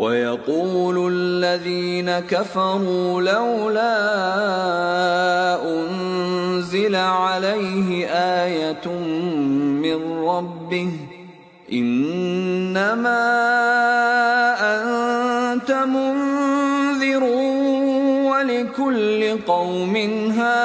ويقول الذين كفروا لولا انزل عليه ايه من ربه انما انت منذر ولكل قوم هاد